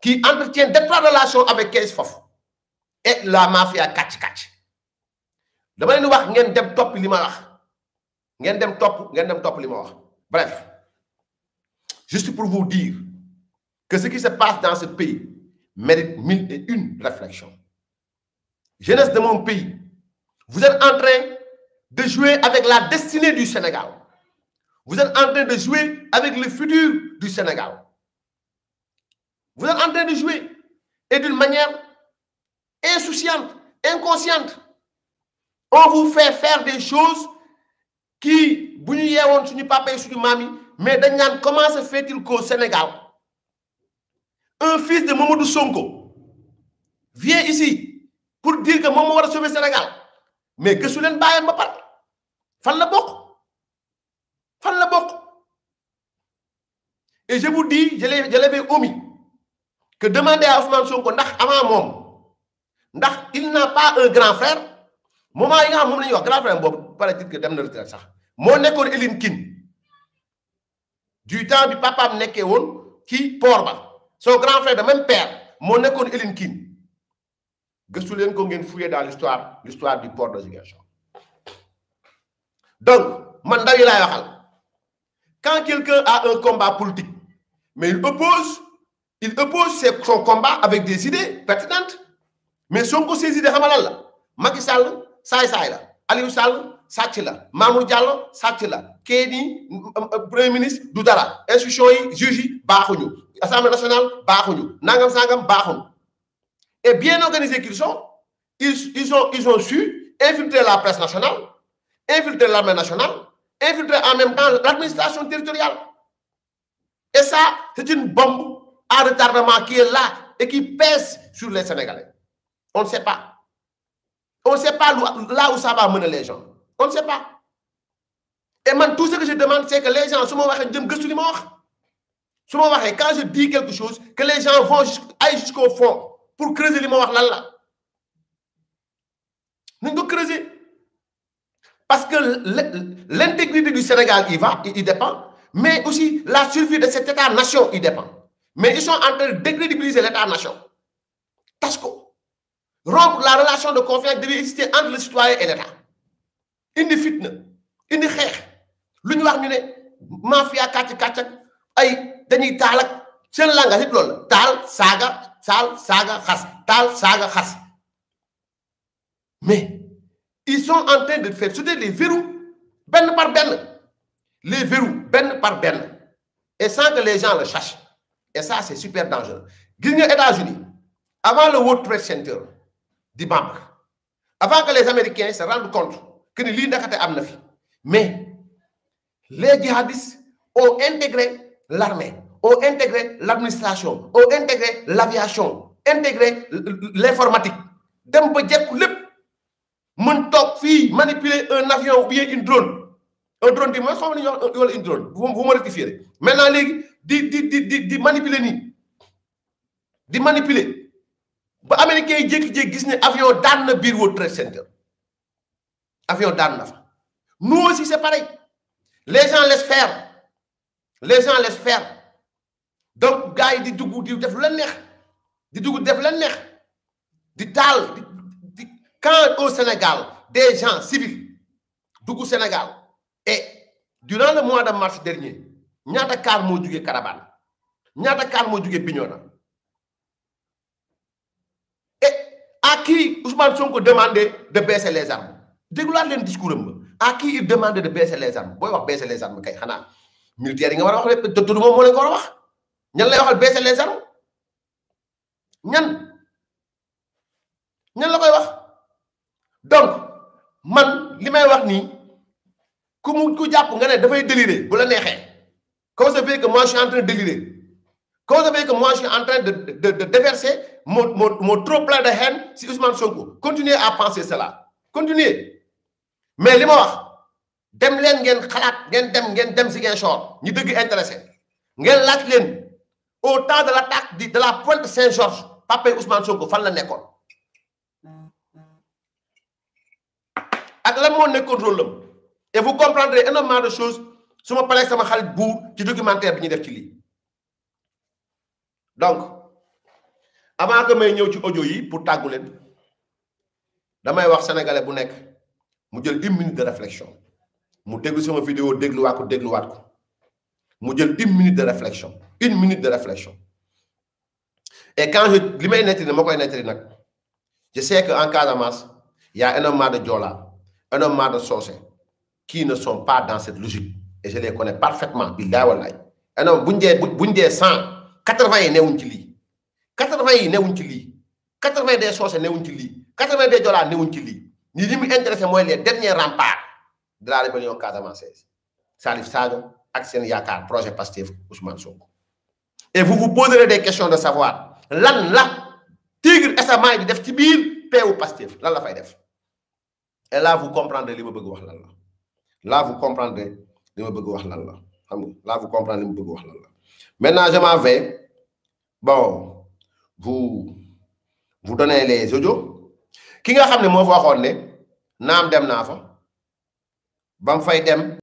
qui entretient des relations avec 15 Fof et la mafia catch catch dama len wax ngén dem top li ma wax ngén dem top dem li ma wax bref juste pour vous dire que ce qui se passe dans ce pays mérite mille et une réflexions jeunesse de mon pays vous êtes en train de jouer avec la destinée du Sénégal vous êtes en train de jouer avec le futur du Sénégal vous êtes en train de jouer et d'une manière insouciante, inconsciente. On vous fait faire des choses qui, bu on papa et suñu mais Daniel, comment se fait-il qu'au Sénégal un fils de Mamadou Sonko vient ici pour dire que Momo va sauver le Sénégal mais que gëstu ce bàyyam ba pas, fan la bokk fan la bokk et je vous dis je l'avais omis que demander à Ousmane Sonko ndax avant mom ndax il n'a pas un grand frère moment yi nga mom la wax grand frère bob paraît titre que dem na retraite sax mo nekkoon Elim Kine du temps bi papa nekkee woon ci port ba son grand frère de même père mo nekkoon Elim Kine gëstu leen ko ngeen fouiller dans l'histoire l'histoire du port de Ziguinchor donc man ndaw yi laay waxal quand quelqu'un a un combat politique mais il oppose il oppose son combat avec des idées pertinentes mais son ses idées ces lan la Macky Sall saay la Aliou Sall Diallo euh, euh, premier ministre Doudara, institution yi assemblée nationale baaxuñu nangam sangam baaxuñu et bien organisés qu'ils sont ils ont ils ont su infiltrer la presse nationale infiltrer l'armée nationale infiltrer en même temps l'administration territoriale et ça c'est une bombe à retardement qui est là et qui pèse sur les Sénégalais. On ne sait pas. On ne sait pas là où ça va mener les gens. On ne sait pas. Et moi, tout ce que je demande, c'est que les gens, si je quand je dis quelque chose, que les gens vont aller jusqu'au fond pour creuser les là. Nous devons creuser. Parce que l'intégrité du Sénégal, il va, il dépend. Mais aussi la survie de cet État-nation, il dépend mais ils sont en train de décrédibiliser l'État-nation Tasco. rompre la relation de confiance qui devait exister entre le citoyen et l'État Une fitna une xeex L'union mafia kàcc kàcc aïe, ay dañuy taal ak C'est langage it l'ol, tal saga, TAL, SAGA, SAGA, tal saga, mais ils sont en train de faire sauter les verrous ben par ben, les verrous ben par ben, et sans que les gens le cherchent. Et ça, c'est super dangereux. Guinée, États-Unis, avant le World Trade Center, du avant que les Américains se rendent compte que nous l'avons mais les djihadistes ont intégré l'armée, ont intégré l'administration, ont intégré l'aviation, intégré l'informatique. D'un ont jekku mon mën un avion ou bien une drone un drone vous moi xam drone Vous me rectifier maintenant les di di di di di manipuler ni di manipuler ba américain yi jékki-jékki gis ne avion daan na biir Trade Center avion na nous aussi c'est pareil les gens laissent faire les gens laissent faire donc gars yi di dugg di def la neex di dugg def la neex di taal di quand au Sénégal des gens civils dugg Sénégal et durant le mois de mars dernier ñaata kaar moo jugee Karabane ñaata kaar moo jugee Bignona et eh, à qui Ousmane Sonko demandait de baisser les armes dégluwaat leen discours am à qui il demandait de baisser les armes booy wax baisser les armes kay xanaa militaire yi nga war a wax rek dëdd moom moo leen ko war a wax ñan lay waxal baisser les armes ñan ñan la koy wax donc man li may wax ni ku mu ku jàpp nga ne dafay délirer bu la neexee Comment ça fait que moi je suis en train de délirer Comment ça fait que moi je suis en train de, de, de déverser mon, mon, trop plein de haine sur Ousmane Sonko Continuez à penser cela. Continuez. Mais les morts, dem len ngeen xalat ngeen dem ngeen dem Ziguinchor ñi dëgg intéressé ngeen laaj leen au temps de l'attaque de la pointe Saint-Georges papa Ousmane Sonko fan la nekkoon ak lan moo nekkoon rôle et vous comprendrez énormément de choses suma palais sama xarit buur ci documentaire bi ñu def ci li donc avant que may ñëw ci audio yi pour tàggu leen damay wax sénégalais bu nek mu jël 10 minutes de réflexion mu déglu sama vidéo dégluwaat ko dégluwaat ko mu jël 10 minutes de réflexion 1 minute de réflexion et quand je limay netti nettali ma koy nettali je sais que en Casamance il y a un homme de un homme de Soose qui ne sont pas dans cette logique et je les connais parfaitement et ah non buñ dee buñ dee cent 80 yi 80 ci li 80 yi ci li 80 des soose newuñ ci li 80 des dollars newuñ ci li ni li intéressé moy les derniers remparts de la rébellion casamançaise Salif Sadio ak sen yakar projet Pastif Ousmane Sonko et vous vous poserez des questions de savoir lan la Tigre et di def ci bir peewu Pastef lan la fay def et là vous comprendrez li ma bëgg wax lan la là vous comprendrez li ma bëgg wax lan la xam nga là vous comprenez li ma bëgg wax lan la maintenant je m'en vais bon vous vous donnez les audios ki nga xam ne moo fa waxoon ne naam dem naa fa ba mu fay dem.